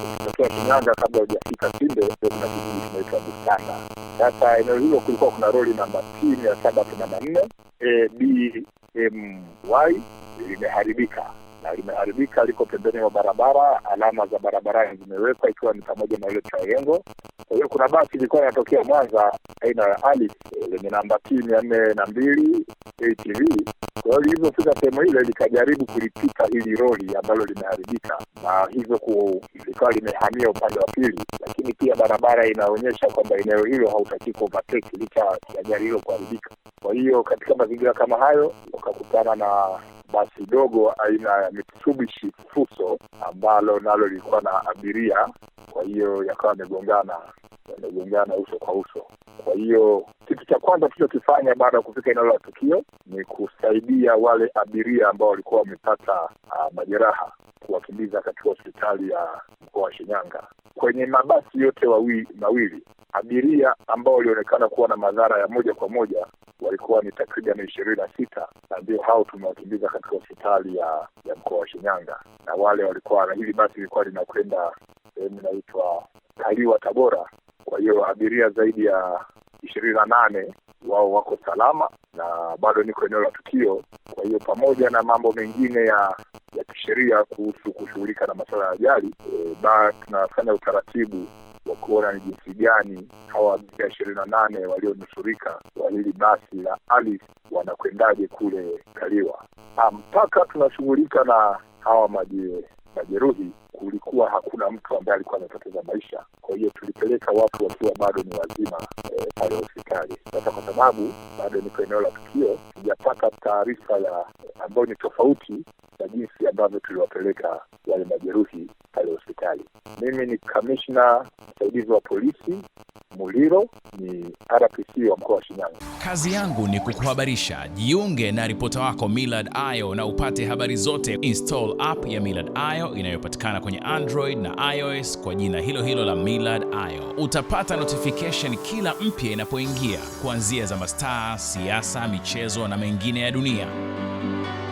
ukitokea Shinyanga kabla hujafika Pinde ndio kuna kijiji kinaitwa Busanda. Sasa eneo hilo kulikuwa kuna roli namba T mia saba themanini na nne BMY limeharibika na limeharibika, liko pembeni mwa barabara. Alama za barabarani zimewekwa ikiwa ni pamoja na ile triangle. Kwa hiyo kuna basi ilikuwa inatokea Mwanza aina ya Alice eh, lenye namba T mia nne na mbili ATV. Kwa hiyo lilivyofika sehemu ile likajaribu kulipika hili roli ambalo limeharibika, na hivyo likawa limehamia upande wa pili, lakini pia barabara inaonyesha kwamba eneo hilo hautaki kuovateki licha ya gari hilo kuharibika. Kwa hiyo katika mazingira kama hayo wakakutana na basi dogo aina ya Mitsubishi Fuso ambalo nalo lilikuwa na abiria, kwa hiyo yakawa yamegongana yamegongana uso kwa uso. Kwa hiyo kitu cha kwanza tulichokifanya baada ya kufika eneo la tukio ni kusaidia wale abiria ambao walikuwa wamepata ah, majeraha kuwakimbiza katika hospitali ya mkoa wa Shinyanga. Kwenye mabasi yote wawi, mawili abiria ambao walionekana kuwa na madhara ya moja kwa moja walikuwa ni takriban ishirini na sita na ndio hao tumewakimbiza katika hospitali ya ya mkoa wa Shinyanga, na wale walikuwa na hili basi lilikuwa linakwenda sehemu inaitwa Kaliwa Tabora. Kwa hiyo abiria zaidi ya ishirini na nane wao wako salama na bado niko eneo la tukio. Kwa hiyo pamoja na mambo mengine ya ya kisheria kuhusu kushughulika na masuala ya ajali e, ba tunafanya utaratibu kwa kuona ni jinsi gani hawa abiria ishirini na nane walionusurika wa hili basi la Alice wanakwendaje kule Kaliwa. Mpaka tunashughulika na hawa maje majeruhi, kulikuwa hakuna mtu ambaye alikuwa amepoteza maisha. Kwa hiyo tulipeleka watu wakiwa bado ni wazima e, pale hospitali. Sasa kwa sababu bado niko eneo la tukio, sijapata taarifa ya ambayo ni tofauti na jinsi ambavyo tuliwapeleka wale majeruhi pale hospitali. Mimi ni kamishna msaidizi wa polisi Muliro, ni RPC wa mkoa wa Shinyanga. Kazi yangu ni kukuhabarisha. Jiunge na ripota wako Millard Ayo na upate habari zote. Install app ya Millard Ayo inayopatikana kwenye Android na iOS kwa jina hilo hilo la Millard Ayo. Utapata notification kila mpya inapoingia, kuanzia za mastaa, siasa, michezo na mengine ya dunia.